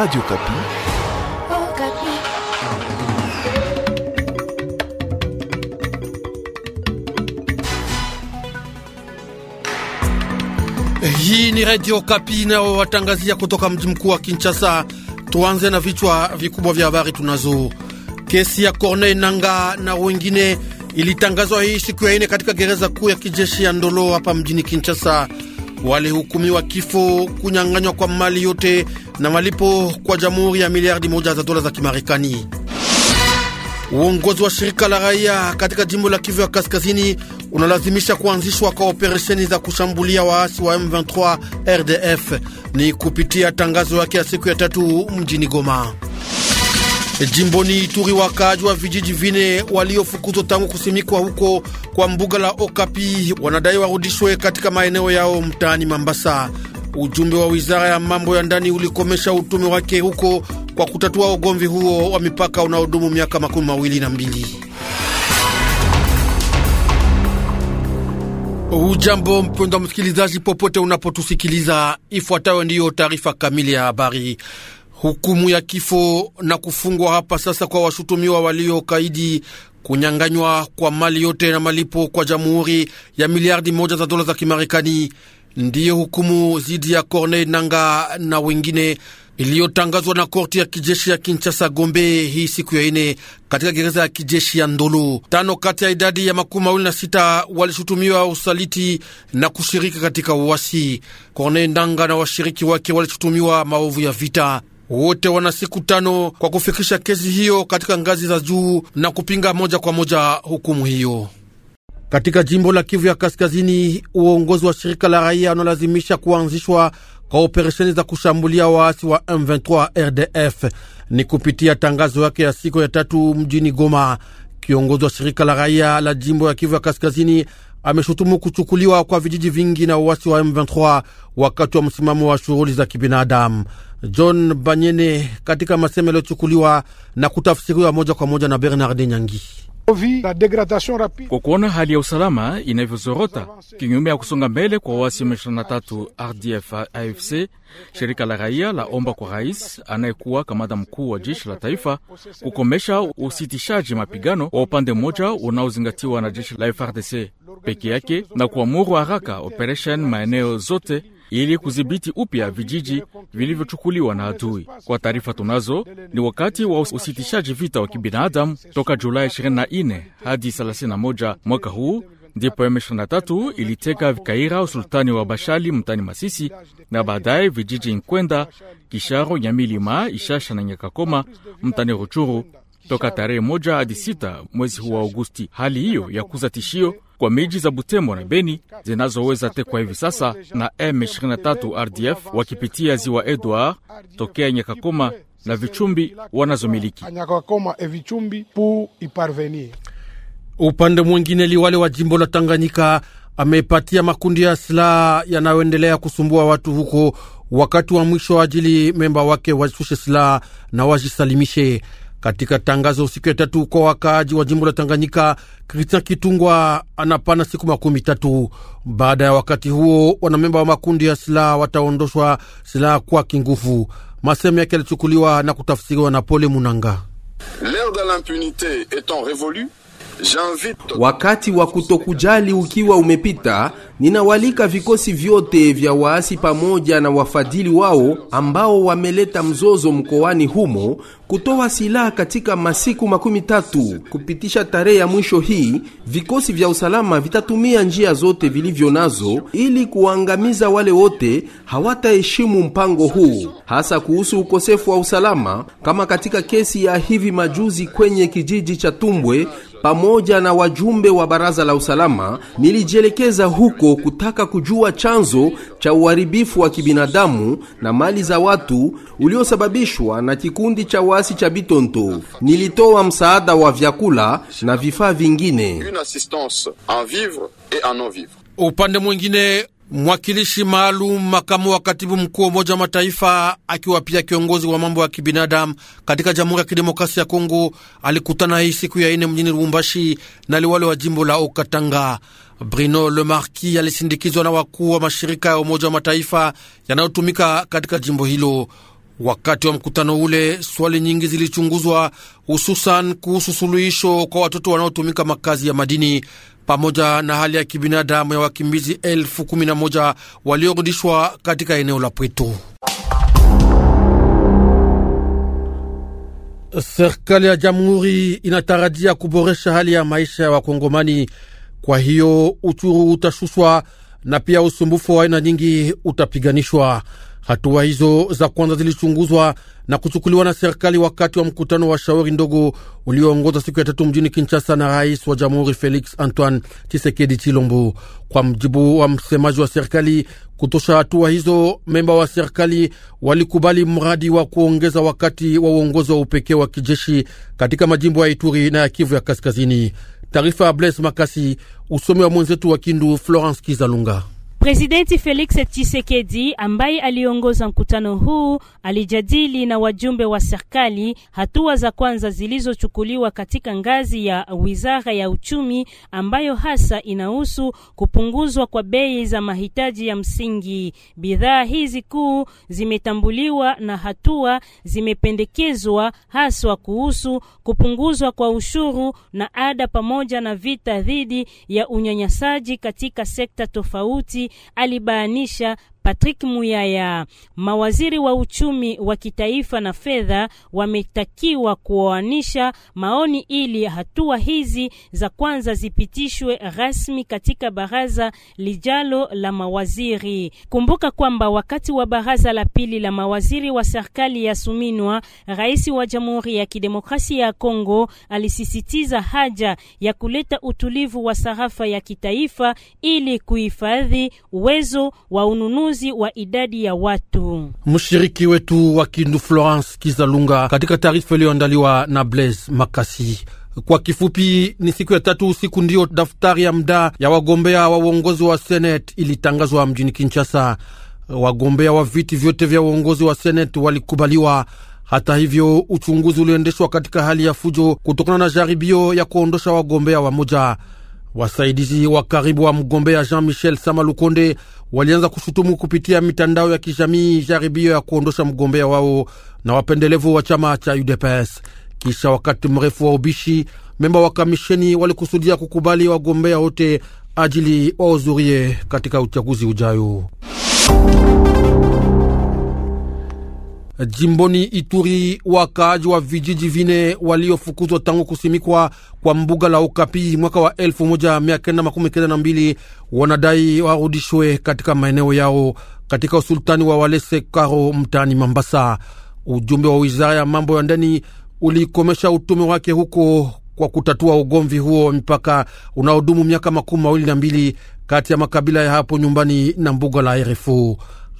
Radio Kapi. Oh, Kapi. Hii ni Radio Kapi nao watangazia kutoka mji mkuu wa Kinshasa. Tuanze na vichwa vikubwa vya habari tunazo. Kesi ya Corneille Nanga na wengine ilitangazwa hii siku ya ine katika gereza kuu ya kijeshi ya Ndolo hapa mjini Kinshasa. Walihukumiwa kifo, kunyang'anywa kwa mali yote na malipo kwa jamhuri ya miliardi moja za dola za Kimarekani. Uongozi wa shirika la raia katika jimbo la Kivu ya Kaskazini unalazimisha kuanzishwa kwa operesheni za kushambulia waasi wa M23 RDF ni kupitia tangazo yake ya siku ya tatu mjini Goma. Jimboni Ituri, wakaaji wa vijiji vine waliofukuzwa tangu kusimikwa huko kwa mbuga la Okapi wanadai warudishwe katika maeneo yao mtaani Mambasa. Ujumbe wa wizara ya mambo ya ndani ulikomesha utume wake huko kwa kutatua ugomvi huo wa mipaka unaodumu miaka makumi mawili na mbili. Ujambo mpendwa msikilizaji, popote unapotusikiliza, ifuatayo ndiyo taarifa kamili ya habari. Hukumu ya kifo na kufungwa hapa sasa kwa washutumiwa waliokaidi kunyanganywa kwa mali yote na malipo kwa jamhuri ya miliardi moja za dola za Kimarekani ndiyo hukumu dhidi ya Corneille Nanga na wengine iliyotangazwa na korti ya kijeshi ya Kinshasa Gombe hii siku ya ine katika gereza ya kijeshi ya Ndolo. Tano kati ya idadi ya makumi mawili na sita walishutumiwa usaliti na kushiriki katika uwasi Corneille Ndanga na washiriki wake walishutumiwa maovu ya vita. Wote wana siku tano kwa kufikisha kesi hiyo katika ngazi za juu na kupinga moja kwa moja hukumu hiyo. Katika jimbo la Kivu ya Kaskazini, uongozi wa shirika la raia unalazimisha kuanzishwa kwa operesheni za kushambulia waasi wa M23 RDF. Ni kupitia tangazo yake ya siku ya tatu mjini Goma, kiongozi wa shirika la raia la jimbo ya Kivu ya Kaskazini ameshutumu kuchukuliwa kwa vijiji vingi na uasi wa M23 wakati wa msimamo wa shughuli za kibinadamu. John Banyene katika masemo yaliyochukuliwa na kutafsiriwa moja kwa moja na Bernard Nyangi kwa kuona hali ya usalama inavyozorota kinyume ya kusonga mbele kwa wasi M23 RDF AFC. Shirika la raia la omba kwa rais anayekuwa kamanda mkuu wa jeshi la taifa kukomesha usitishaji mapigano wa upande mmoja unaozingatiwa na jeshi la FRDC peke yake na kuamuru haraka operation maeneo zote ili kudhibiti upya vijiji vilivyochukuliwa na adui. Kwa taarifa tunazo, ni wakati wa usitishaji vita wa kibinadamu toka Julai 24 hadi 31 mwaka huu ndipo M23 iliteka Kaira, usultani wa Bashali mtani Masisi, na baadaye vijiji Nkwenda, Kisharo, Nyamilima, Ishasha na Nyakakoma mtani Ruchuru toka tarehe moja hadi sita mwezi huu wa Agosti. Hali hiyo ya kuza tishio kwa miji za Butembo na Beni zinazoweza tekwa hivi sasa na M23 RDF wakipitia ziwa Edward tokea Nyakakoma na vichumbi wanazomiliki. E Upande mwingine, liwale wa jimbo la Tanganyika amepatia makundi ya silaha yanayoendelea kusumbua watu huko wakati wa mwisho ajili memba wake wasushe silaha na wajisalimishe. Katika tangazo siku ya tatu kwa wakaaji wa jimbo la Tanganyika, Kristian Kitungwa anapana siku makumi tatu. Baada ya wakati huo, wanamemba wa makundi ya silaha wataondoshwa silaha kwa kinguvu. Maseme yake yalichukuliwa na kutafsiriwa na Pole Munanga. L'ère de l'impunité révolue Wakati wa kutokujali ukiwa umepita, ninawalika vikosi vyote vya waasi pamoja na wafadhili wao ambao wameleta mzozo mkoani humo kutoa silaha katika masiku makumi tatu. Kupitisha tarehe ya mwisho hii, vikosi vya usalama vitatumia njia zote vilivyo nazo ili kuangamiza wale wote hawataheshimu mpango huu, hasa kuhusu ukosefu wa usalama, kama katika kesi ya hivi majuzi kwenye kijiji cha Tumbwe pamoja na wajumbe wa baraza la usalama, nilijielekeza huko kutaka kujua chanzo cha uharibifu wa kibinadamu na mali za watu uliosababishwa na kikundi cha wasi cha Bitonto. Nilitoa msaada wa vyakula na vifaa vingine. Upande mwingine Mwakilishi maalum makamu wa katibu mkuu wa Umoja wa Mataifa akiwa pia kiongozi wa mambo ya kibinadamu katika Jamhuri ya Kidemokrasia ya Kongo alikutana hii siku ya ine mjini Lubumbashi na liwale wa jimbo la Okatanga. Bruno Le Marquis alisindikizwa na wakuu wa mashirika ya Umoja wa Mataifa yanayotumika katika jimbo hilo. Wakati wa mkutano ule, swali nyingi zilichunguzwa, hususan kuhusu suluhisho kwa watoto wanaotumika makazi ya madini pamoja na hali ya kibinadamu ya wakimbizi elfu kumi na moja waliorudishwa katika eneo la pwitu Serikali ya jamhuri inatarajia kuboresha hali ya maisha ya Wakongomani. Kwa hiyo uchuru utashushwa na pia usumbufu wa aina nyingi utapiganishwa. Hatua hizo za kwanza zilichunguzwa na kuchukuliwa na serikali wakati wa mkutano wa shauri ndogo ulioongoza siku ya tatu mjini Kinshasa na rais wa jamhuri Felix Antoine chisekedi Chilombo. Kwa mjibu wa msemaji wa serikali, kutosha hatua hizo, memba wa serikali walikubali mradi wa kuongeza wakati wa uongozi wa upekee wa kijeshi katika majimbo ya Ituri na ya Kivu ya Kaskazini. Taarifa ya Blaise Makasi, usomi wa mwenzetu wa Kindu Florence Kizalunga. Presidenti Felix Tshisekedi ambaye aliongoza mkutano huu alijadili na wajumbe wa serikali hatua za kwanza zilizochukuliwa katika ngazi ya Wizara ya Uchumi ambayo hasa inahusu kupunguzwa kwa bei za mahitaji ya msingi. Bidhaa hizi kuu zimetambuliwa na hatua zimependekezwa haswa kuhusu kupunguzwa kwa ushuru na ada pamoja na vita dhidi ya unyanyasaji katika sekta tofauti alibainisha Patrick Muyaya. Mawaziri wa uchumi wa kitaifa na fedha wametakiwa kuoanisha maoni ili hatua hizi za kwanza zipitishwe rasmi katika baraza lijalo la mawaziri. Kumbuka kwamba wakati wa baraza la pili la mawaziri wa serikali ya Suminwa, rais wa Jamhuri ya Kidemokrasia ya Kongo alisisitiza haja ya kuleta utulivu wa sarafa ya kitaifa ili kuhifadhi uwezo wa ununuzi uchunguzi wa idadi ya watu. Mshiriki wetu wa Kindu Florence Kizalunga katika taarifa iliyoandaliwa na Blaise Makasi. Kwa kifupi, ni siku ya tatu usiku ndiyo daftari ya mda ya wagombea wa uongozi wa seneti ilitangazwa mjini Kinshasa. Wagombea wa viti vyote vya uongozi wa seneti walikubaliwa. Hata hivyo, uchunguzi uliendeshwa katika hali ya fujo kutokana na jaribio ya kuondosha wagombea wa moja Wasaidizi wa karibu wa mgombea Jean-Michel samalukonde walianza kushutumu kupitia mitandao ya kijamii jaribio ya kuondosha mgombea wao na wapendelevu wa chama cha UDPS. Kisha wakati mrefu wa ubishi, memba wa kamisheni walikusudia kukubali wagombea wote ajili wahudhurie katika uchaguzi ujayo. Jimboni Ituri, wakaaji wa vijiji vine waliofukuzwa tangu kusimikwa kwa mbuga la Ukapi mwaka wa 1992 wanadai warudishwe katika maeneo yao katika usultani wa Walese Karo mtaani Mambasa. Ujumbe wa wizara ya mambo ya ndani ulikomesha utume wake huko kwa kutatua ugomvi huo wa mipaka unaodumu miaka makumi mawili na mbili kati ya makabila ya hapo nyumbani na mbuga la RFU.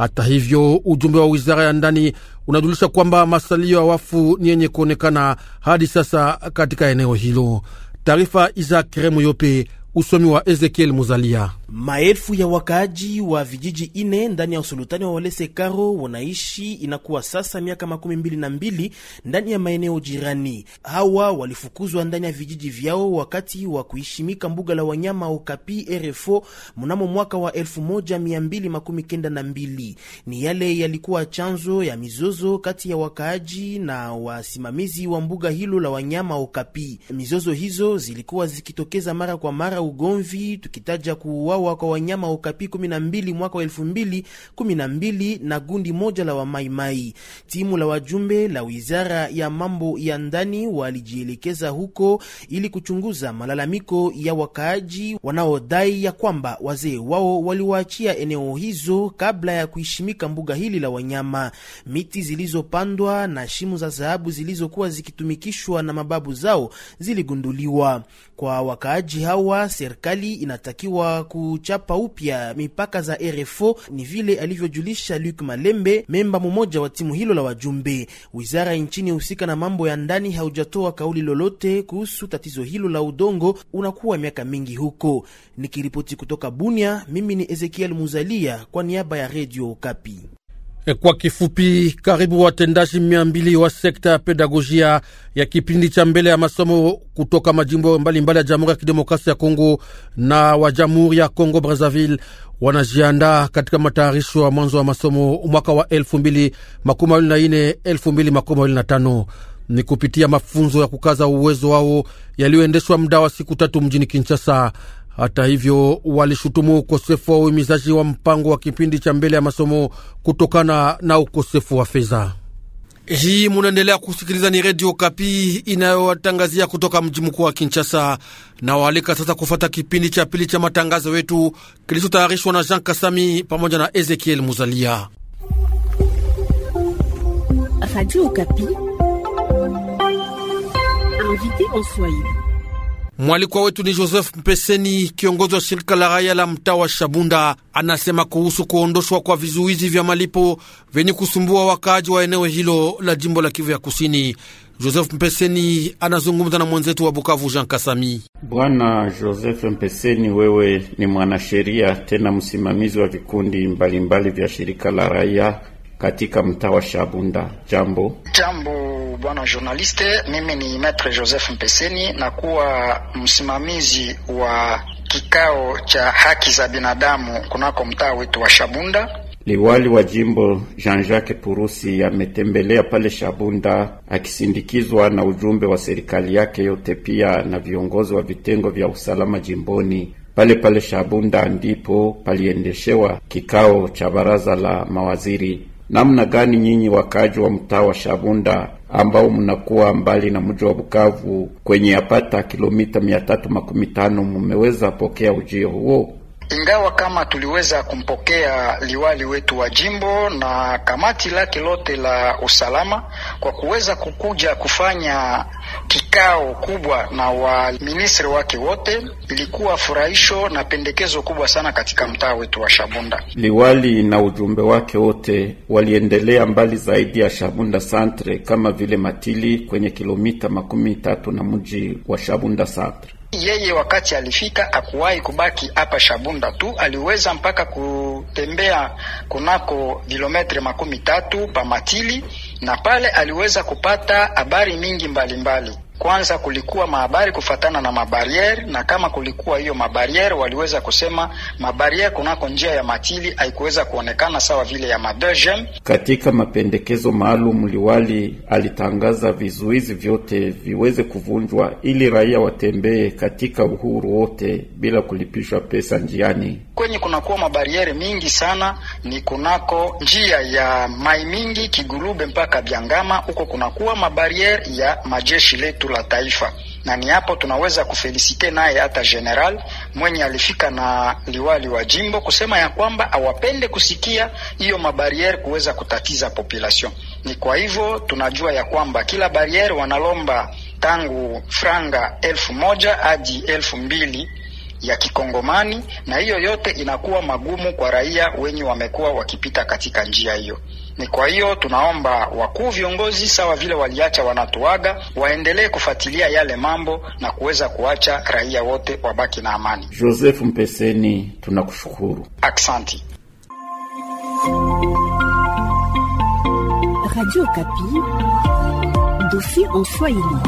Hata hivyo, ujumbe wa wizara ya ndani unajulisha kwamba masalio ya wafu ni yenye kuonekana hadi sasa katika eneo hilo. Taarifa Isak Remu Yope Usomi wa Ezekiel Muzalia. Maelfu ya wakaaji wa vijiji ine ndani ya usultani wa Walese Karo wanaishi inakuwa sasa miaka makumi mbili na mbili ndani ya maeneo jirani. Hawa walifukuzwa ndani ya vijiji vyao wakati wa kuishimika mbuga la wanyama Okapi RFO mnamo mwaka wa elfu moja mia mbili makumi kenda na mbili. Ni yale yalikuwa chanzo ya mizozo kati ya wakaaji na wasimamizi wa mbuga hilo la wanyama Okapi. Mizozo hizo zilikuwa zikitokeza mara kwa mara ugomvi, tukitaja kuuawa kwa wanyama wa Ukapi 12 mwaka wa 2012 na gundi moja la Wamaimai. Timu la wajumbe la wizara ya mambo ya ndani walijielekeza huko ili kuchunguza malalamiko ya wakaaji wanaodai ya kwamba wazee wao waliwaachia eneo hizo kabla ya kuheshimika mbuga hili la wanyama. Miti zilizopandwa na shimu za dhahabu zilizokuwa zikitumikishwa na mababu zao ziligunduliwa kwa wakaaji hawa serikali inatakiwa kuchapa upya mipaka za RFO. Ni vile alivyojulisha Luc Malembe, memba mmoja wa timu hilo la wajumbe. Wizara nchini husika na mambo ya ndani haujatoa kauli lolote kuhusu tatizo hilo la udongo unakuwa miaka mingi huko. Nikiripoti kutoka Bunia, mimi ni Ezekiel Muzalia kwa niaba ya redio ukapi Eh, kwa kifupi, karibu watendaji mia mbili wa sekta ya pedagogia ya kipindi cha mbele ya masomo kutoka majimbo mbalimbali mbali ya Jamhuri ya Kidemokrasia ya Kongo na wa Jamhuri ya Kongo Brazzaville wanajiandaa katika matayarisho ya mwanzo wa masomo mwaka wa 2024 2025 ni kupitia mafunzo ya kukaza uwezo wao yaliyoendeshwa muda wa siku tatu mjini Kinshasa. Hata hivyo, walishutumu ukosefu wa uhimizaji wa mpango wa kipindi cha mbele ya masomo kutokana na ukosefu wa fedha. Hii munaendelea kusikiliza, ni Redio Kapi inayowatangazia kutoka mji mkuu wa Kinshasa na waalika sasa kufata kipindi cha pili cha matangazo wetu kilichotayarishwa na Jean Kasami pamoja na Ezekiel Muzalia. Radio Kapi invité en Swahili Mwalikwa wetu ni Joseph Mpeseni, kiongozi wa shirika la raia la mtaa wa Shabunda, anasema kuhusu kuondoshwa kwa vizuizi vya malipo vyenye kusumbua wakaaji wa eneo hilo la jimbo la Kivu ya Kusini. Joseph Mpeseni anazungumza na mwenzetu wa Bukavu, Jean Kasami. Bwana Joseph Mpeseni, wewe ni mwanasheria tena msimamizi wa vikundi mbalimbali mbali vya shirika la raia katika mtaa wa Shabunda. Jambo jambo, bwana journaliste, mimi ni Maitre Joseph Mpeseni na kuwa msimamizi wa kikao cha haki za binadamu kunako mtaa wetu wa Shabunda. Liwali wa jimbo Jean-Jacques Purusi ametembelea pale Shabunda akisindikizwa na ujumbe wa serikali yake yote, pia na viongozi wa vitengo vya usalama jimboni. Pale pale Shabunda ndipo paliendeshewa kikao cha baraza la mawaziri namna gani nyinyi wakaji wa mtaa wa Shabunda ambao mnakuwa mbali na mji wa Bukavu kwenye yapata kilomita mia tatu makumi tano mumeweza pokea ujio huo? ingawa kama tuliweza kumpokea liwali wetu wa jimbo na kamati lake lote la usalama kwa kuweza kukuja kufanya kikao kubwa na waministri wake wote, ilikuwa furahisho na pendekezo kubwa sana katika mtaa wetu wa Shabunda. Liwali na ujumbe wake wote waliendelea mbali zaidi ya Shabunda santre kama vile Matili kwenye kilomita makumi tatu na mji wa Shabunda Centre. Yeye wakati alifika akuwahi kubaki hapa Shabunda tu, aliweza mpaka kutembea kunako kilometre makumi tatu pa Matili, na pale aliweza kupata habari mingi mbalimbali mbali. Kwanza kulikuwa mahabari kufatana na mabariere, na kama kulikuwa hiyo mabariere, waliweza kusema mabariere kunako njia ya matili haikuweza kuonekana sawa vile ya madegem. Katika mapendekezo maalum, liwali alitangaza vizuizi vyote viweze kuvunjwa ili raia watembee katika uhuru wote bila kulipishwa pesa njiani. Kwenye kunakuwa mabariere mingi sana ni kunako njia ya Mai Mingi, Kigurube mpaka Biangama, huko kunakuwa mabariere ya majeshi letu la taifa, na ni hapo tunaweza kufelisite naye hata general mwenye alifika na liwali wa jimbo kusema ya kwamba awapende kusikia hiyo mabariere kuweza kutatiza population. Ni kwa hivyo tunajua ya kwamba kila bariere wanalomba tangu franga elfu moja hadi elfu mbili ya kikongomani, na hiyo yote inakuwa magumu kwa raia wenye wamekuwa wakipita katika njia hiyo. Ni kwa hiyo tunaomba wakuu viongozi, sawa vile waliacha wanatuaga, waendelee kufuatilia yale mambo na kuweza kuacha raia wote wabaki na amani. Joseph Mpeseni, tunakushukuru, aksanti. Radio Kapi, dossier en Swahili.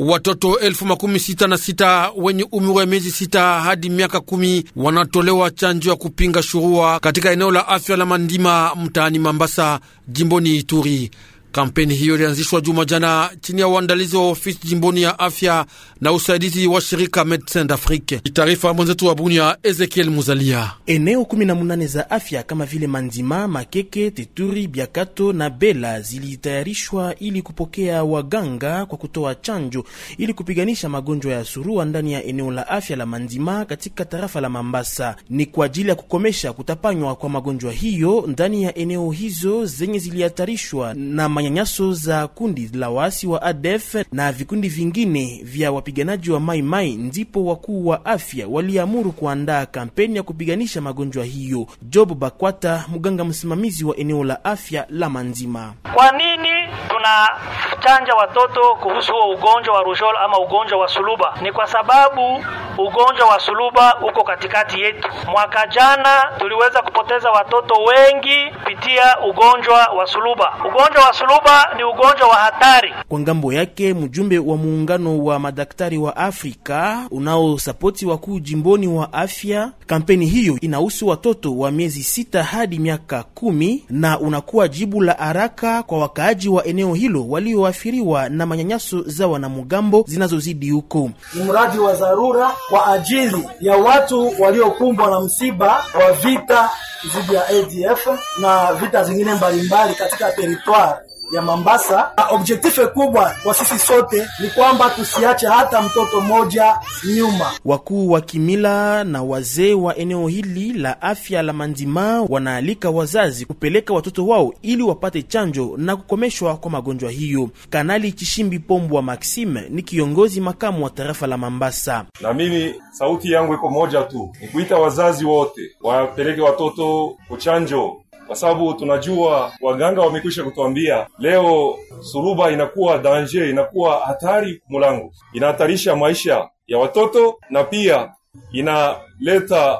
Watoto elfu makumi sita na sita wenye umri wa miezi sita hadi miaka kumi wanatolewa chanjo ya kupinga shurua katika eneo la afya la Mandima mtaani Mambasa, jimboni Ituri. Kampeni hiyo ilianzishwa juma jana chini ya uandalizi wa ofisi jimboni ya afya na usaidizi wa shirika Medecins d'Afrique. Taarifa mwenzetu wa Bunia, Ezekiel Muzalia. Eneo 18 za afya kama vile Mandima, Makeke, Teturi, Biakato na Bela zilitayarishwa ili kupokea waganga kwa kutoa chanjo ili kupiganisha magonjwa ya surua ndani ya eneo la afya la Mandima katika tarafa la Mambasa. Ni kwa ajili ya kukomesha kutapanywa kwa magonjwa hiyo ndani ya eneo hizo zenye zilihatarishwa na manyanyaso za kundi la waasi wa ADF na vikundi vingine vya wapiganaji wa Mai Mai, ndipo wakuu wa afya waliamuru kuandaa kampeni ya kupiganisha magonjwa hiyo. Job Bakwata, mganga msimamizi wa eneo la afya la Manzima: kwa nini tunachanja watoto kuhusu huo ugonjwa wa rujola ama ugonjwa wa suluba ni kwa sababu ugonjwa wa suluba uko katikati yetu. Mwaka jana tuliweza kupoteza watoto wengi kupitia ugonjwa wa suluba. Ugonjwa wa suluba ni ugonjwa wa hatari. Kwa ngambo yake, mjumbe wa muungano wa madaktari wa Afrika unaosapoti wakuu jimboni wa afya, kampeni hiyo inahusu watoto wa miezi sita hadi miaka kumi na unakuwa jibu la haraka kwa wakaaji wa eneo eneo hilo walioathiriwa na manyanyaso za wanamgambo zinazozidi huko. Ni mradi wa dharura kwa ajili ya watu waliokumbwa na msiba wa vita dhidi ya ADF na vita zingine mbalimbali katika teritwari ya Mombasa. Objektife kubwa kwa sisi sote ni kwamba tusiache hata mtoto moja nyuma. Wakuu wa kimila na wazee wa eneo hili la afya la Mandima wanaalika wazazi kupeleka watoto wao ili wapate chanjo na kukomeshwa kwa magonjwa hiyo. Kanali Chishimbi Pombwa Maxime ni kiongozi makamu wa tarafa la Mombasa. Na mimi sauti yangu iko moja tu, ni kuita wazazi wote wapeleke watoto kuchanjo kwa sababu tunajua waganga wamekwisha kutuambia leo suruba inakuwa danger, inakuwa hatari mulango, inahatarisha maisha ya watoto na pia inaleta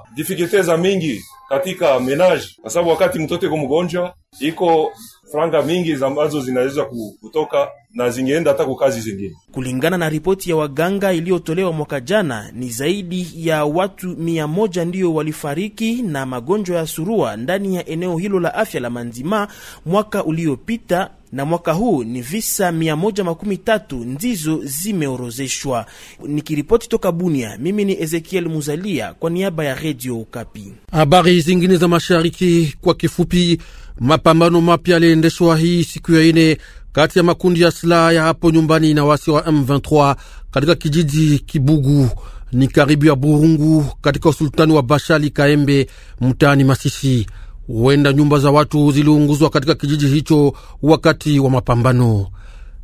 za mingi katika menage kwa sababu wakati mtoto iko mgonjwa, iko franga mingi ambazo zinaweza kutoka na zingeenda hata kukazi zingine. Kulingana na ripoti ya waganga iliyotolewa mwaka jana, ni zaidi ya watu mia moja ndiyo walifariki na magonjwa ya surua ndani ya eneo hilo la afya la Manzima mwaka uliopita na mwaka huu ni visa 113 ndizo zimeorozeshwa. Nikiripoti toka Bunia, mimi ni Ezekiel Muzalia kwa niaba ya Redio ukapi Habari zingine za mashariki kwa kifupi. Mapambano mapya yaliendeshwa hii siku ya ine kati ya makundi ya silaha ya hapo nyumbani na wasi wa M23 katika kijiji Kibugu ni karibu ya Burungu katika usultani wa Bashali Kaembe mtaani Masisi huenda nyumba za watu ziliunguzwa katika kijiji hicho wakati wa mapambano.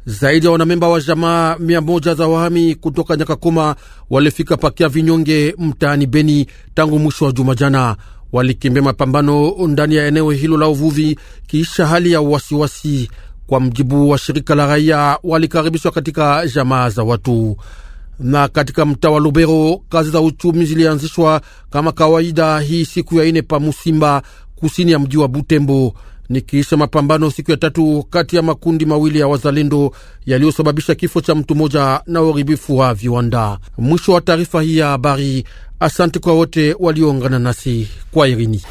Zaidi ya wanamemba wa jamaa mia moja za wahami kutoka Nyakakoma walifika Pakia Vinyonge mtaani Beni tangu mwisho wa juma jana. Walikimbia mapambano ndani ya eneo hilo la uvuvi kisha hali ya wasiwasi. Kwa mjibu wa shirika la raia, walikaribishwa katika jamaa za watu na katika mtaa wa Lubero kazi za uchumi zilianzishwa kama kawaida hii siku ya ine pa Musimba kusini ya mji wa Butembo, nikiisha mapambano siku ya tatu kati ya makundi mawili ya wazalendo yaliyosababisha kifo cha mtu mmoja na uharibifu wa viwanda. Mwisho wa taarifa hii ya habari. Asante kwa wote walioungana nasi kwa irini.